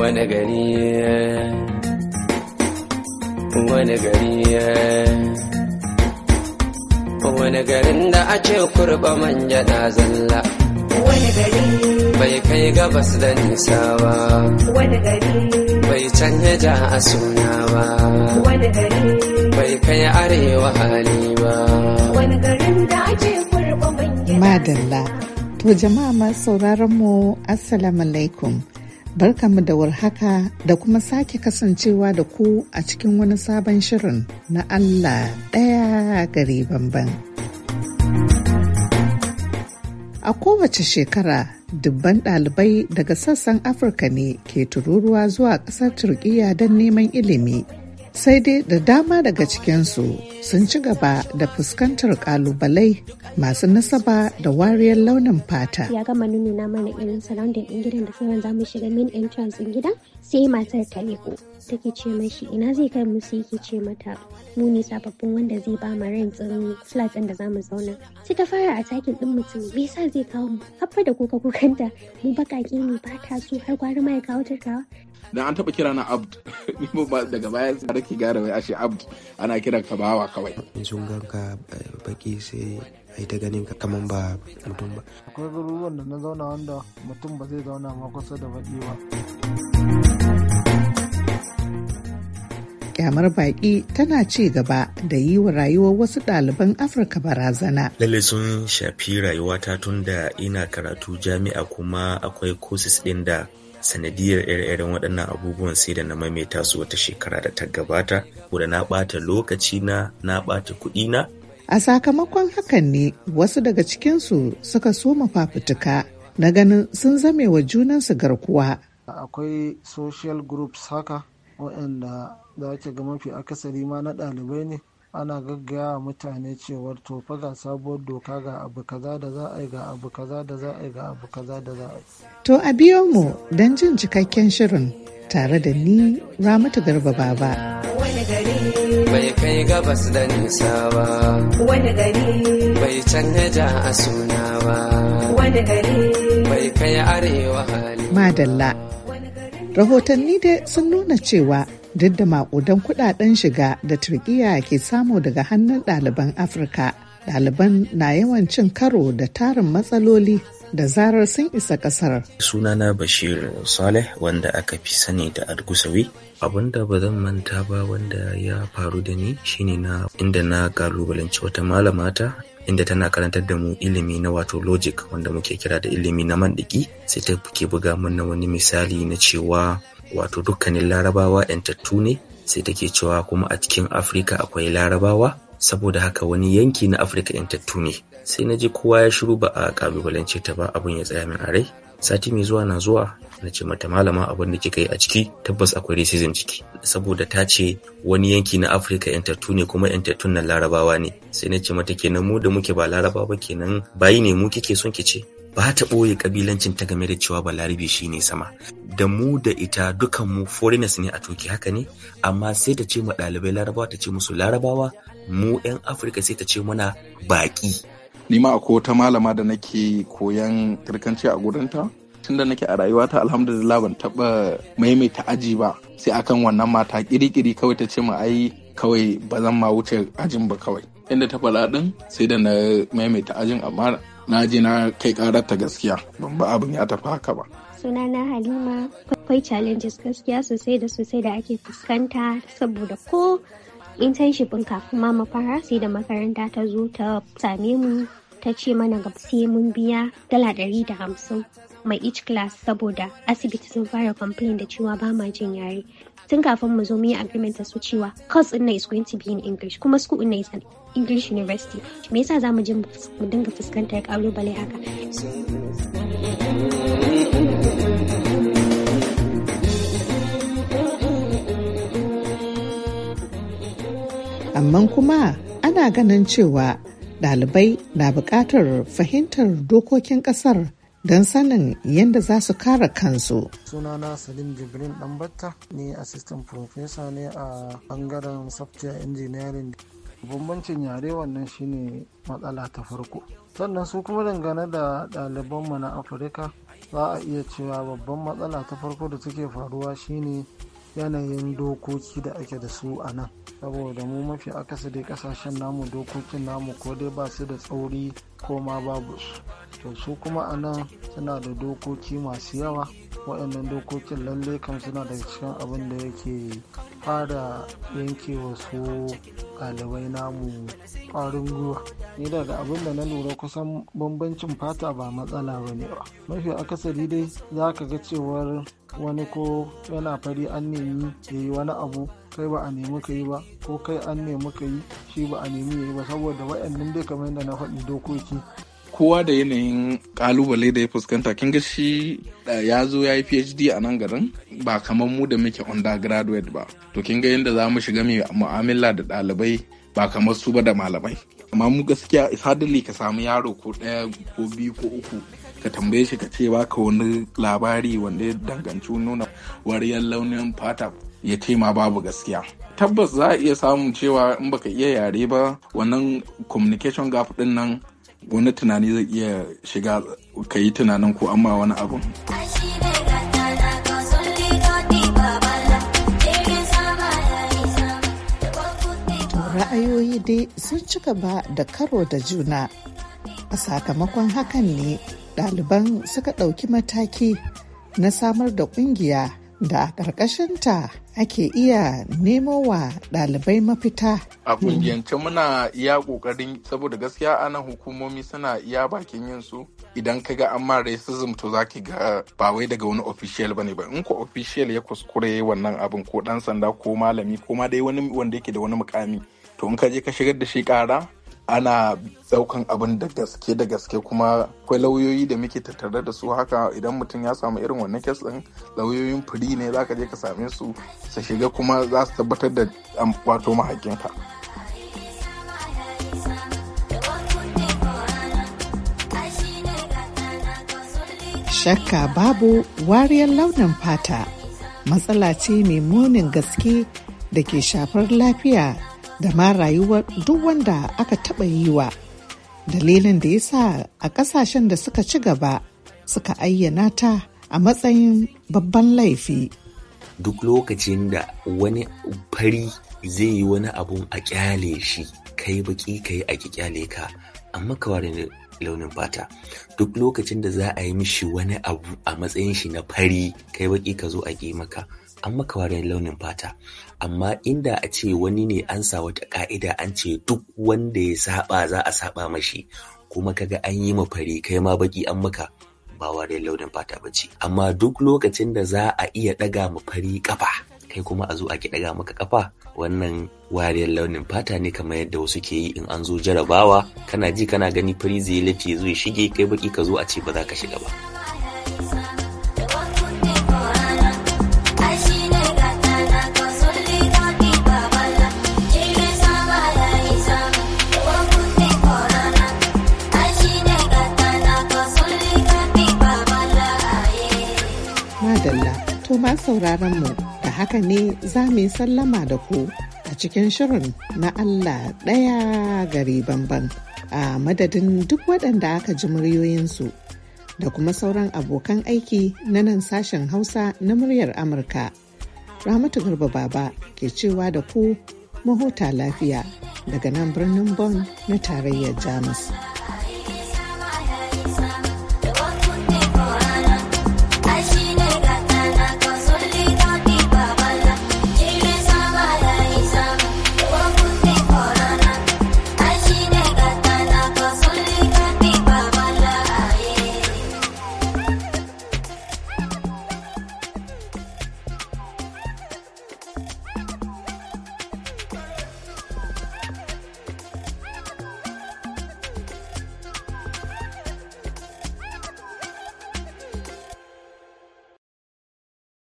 wani gari wani gari wani garin da a ce kurba manja na zalla wani gari bai kai gabas da nisa ba wani gari bai canja ja a suna ba wani gari bai kai arewa hali ba wani garin da a ce kurba manja madalla to jama'a masu sauraron mu assalamu alaikum Barkanmu da warhaka da kuma sake kasancewa da ku a cikin wani sabon shirin na Allah ɗaya gari bamban. A kowace shekara dubban ɗalibai daga sassan Afirka ne ke tururuwa zuwa ƙasar Turkiyya don neman ilimi sai dai da dama daga cikinsu sun ci gaba da fuskantar kalubalai masu nasaba da wariyar launin fata. Ya gama nuna mana irin surrounding ɗin gidan da sauran zamu shiga main entrance in gidan sai matar ta leko take ce mashi ina zai kai musu sai yake ce mata mu ne sababbin wanda zai ba mu rain ɗin flat da zamu zauna. Sai ta fara a takin ɗin mutum me yasa zai kawo mu haffa da kuka kukanta mu baka ne ba ta so har gwari ma ya kawo dan an taba kira na abd daga baya da ke gara wai ashe abd ana kiran ka bawa kawai sun ganka eh, baki sai ai ta ganin ka kaman ba mutum ba akwai garuruwan da na zauna wanda mutum ba zai zauna ma kusa da baki ba kyamar baƙi tana ci gaba da yi wa rayuwar wasu ɗaliban afirka barazana lalle sun shafi rayuwata tun da ina karatu jami'a kuma akwai kosis ɗin da sanadiyar ire waɗannan abubuwan sai da na maimaita su wata shekara da ta gabata wadda na ɓata lokaci na na ɓata kuɗi na a sakamakon hakan ne wasu daga cikinsu suka soma fafutuka na ganin sun zame wa junansu garkuwa akwai social groups haka waɗanda za ga mafi akasari ma na ɗalibai ne ana gaggaya wa mutane cewar to fa ga sabuwar doka ga abu kaza da za a yi ga abu kaza da za a yi ga abu kaza da za a yi. To a biyo mu don jin cikakken shirin tare da ni Ramatu Garba Baba. Wani bai kai gabas da nisa ba. Wani gari bai canja a suna ba. Wani gari bai kai arewa hali. Madalla. Rahotanni dai sun nuna cewa duk da makudan kudaden shiga da turkiya ke samu daga hannun ɗaliban afirka ɗaliban na yawan cin karo da tarin matsaloli da zarar sun isa ƙasar. sunana bashir saleh wanda aka fi sani da adgusawi da ba zan manta ba wanda ya faru da ni shine na inda na kalubalanci wata malamata inda tana karantar da mu ilimi na wato logic wanda muke kira da ilimi na mandiki sai ta ke buga mun na wani misali na cewa wato dukkanin larabawa 'yantattu ne sai take cewa kuma a cikin afirka akwai larabawa saboda haka wani yanki na afirka 'yantattu ne sai na ji kowa ya shiru ba a kalubalance ta ba abin ya tsaya min a rai sati mai zuwa na zuwa na ce mata malama abin da kika yi a ciki tabbas akwai racism ciki saboda ta ce wani yanki na afirka yantattu ne kuma 'yantattu nan larabawa ne sai na ce mata kenan mu da muke ba larabawa kenan bayi ne mu kike son ki ce ba ta ɓoye ƙabilancin ta game da cewa balarabe shi ne sama da mu da ita dukan mu foreigners ne a toki haka ne amma sai ta ce ma ɗalibai larabawa ta ce musu larabawa mu 'yan afirka sai ta ce muna baƙi ni ma ta malama da nake koyan turkanci a gurinta tun da nake a rayuwa ta, alhamdulillah ban taɓa maimaita aji ba sai akan wannan mata kirikiri kawai ta ce ma ai kawai ba zan ma wuce ajin ba kawai inda ta faɗa ɗin sai da na maimaita ajin amma na je na kai karar ta gaskiya ban ba abin ya tafi haka ba sunana halima akwai challenges gaskiya sosai da sosai da ake fuskanta saboda ko internship kafin ma mafara sai da makaranta ta zo ta same mu ta ce mana ga sai mun biya dala ɗari da hamsin mai each class saboda asibiti sun fara complain da cewa ba ma jin yare tun kafin mu zo mu yi agreement da su cewa course din na is going to be in English kuma school din na is English university me yasa za mu je mu dinga fuskantar kalubale haka amma kuma ana ganin cewa ɗalibai na buƙatar fahimtar dokokin ƙasar don sanin yadda za su kara kansu. Sunana Salim Jibrin Ɗanbatta ne assistant professor ne a bangaren software engineering. Bambancin yare wannan shine matsala ta farko. Sannan su kuma dangane da ɗalibanmu na Afirka za a iya cewa babban matsala ta farko da suke faruwa shine yanayin dokoki da ake da su a nan saboda mu mafi akasari kasashen namu dokokin namu ko dai ba su da tsauri ko ma babu su to su kuma a nan suna da dokoki masu yawa waɗannan dokokin lalle kam suna daga cikin abin da yake fara yanke wasu ɗalibai namu ƙwarin gwiwa ni daga abin da na lura kusan bambancin fata ba matsala ba ne ba mafi akasari dai za ka ga cewar wani ko yana fari an nemi ya yi wani abu kai ba a nemi ka yi ba ko kai an nemi ka yi shi ba a nemi ya yi ba saboda waɗannan dai kamar yadda na faɗi dokoki kowa da yanayin kalubale da ya fuskanta kin ga shi eh, ya zo ya yi phd a nan garin ba kamar mu da muke undergraduate ba to kin ga yadda za mu shiga mai mu'amala da ɗalibai ba kamar su ba da malamai amma mu gaskiya sadali ka samu yaro ko ɗaya ko biyu ko uku ka tambaye shi ka ce baka wani labari wanda ya danganci nuna wariyar launin fata ya ce ma babu gaskiya tabbas za a iya samun cewa in baka iya yare ba wannan communication gap din nan wani tunani zai iya shiga ka yi tunanin ko amma wani abu. Ra'ayoyi dai sun cika ba da karo da juna. A sakamakon hakan ne ɗaliban suka ɗauki mataki na samar da ƙungiya da a ƙarƙashinta ake iya nemo wa ɗalibai mafita. A kungiyance muna iya ƙoƙarin saboda gaskiya ana hukumomi suna iya bakin yin su idan ka ga amma ma racism to za ga ba wai daga wani official bane ba in ko official ya kuskure wannan abin ko ɗan sanda ko malami ko ma dai wani wanda yake da wani mukami to in ka je ka shigar da shi ƙara ana daukan abin da gaske da gaske kuma akwai lauyoyi da muke tattare da su haka idan mutum ya samu irin wannan kes din lauyoyin firi ne ka je ka same su su shiga kuma za su tabbatar da um, wato mahaƙinka. shakka babu wariyar launin fata matsala ce mai munin gaske da ke shafar lafiya da ma rayuwar duk wanda aka taɓa yi wa. Dalilin da ya sa a ƙasashen da suka ci gaba suka ayyana ta a matsayin babban laifi. Duk lokacin da wani fari zai yi wani abu a kyale shi kai baki kai a kyale ka amma ware launin fata duk lokacin da za a yi mishi wani abu a matsayin shi na fari kai baki ka zo a maka an maka wariyar launin fata amma inda a ce wani ne an sa wata ka'ida an ce duk wanda ya saba za a saba mashi kuma kaga an yi ma fari kai ma baki an maka ba wariyar launin fata ba ce amma duk lokacin da za a iya daga ma fari kafa kai kuma a zo a ki daga maka kafa wannan wariyar launin fata ne kamar yadda wasu ke yi in an zo jarabawa kana ji kana gani fari zai lafi zai shige kai baki ka zo a ce ba za ka shiga ba masu sauraron mu da haka ne za mu yi sallama da ku a cikin shirin na Allah ɗaya gari bamban a madadin duk waɗanda aka ji muryoyinsu da kuma sauran abokan aiki na nan sashen Hausa na muryar Amurka. Ramatu Garba Baba ke cewa da ku mahuta lafiya daga nan birnin Bonn na tarayyar Jamus.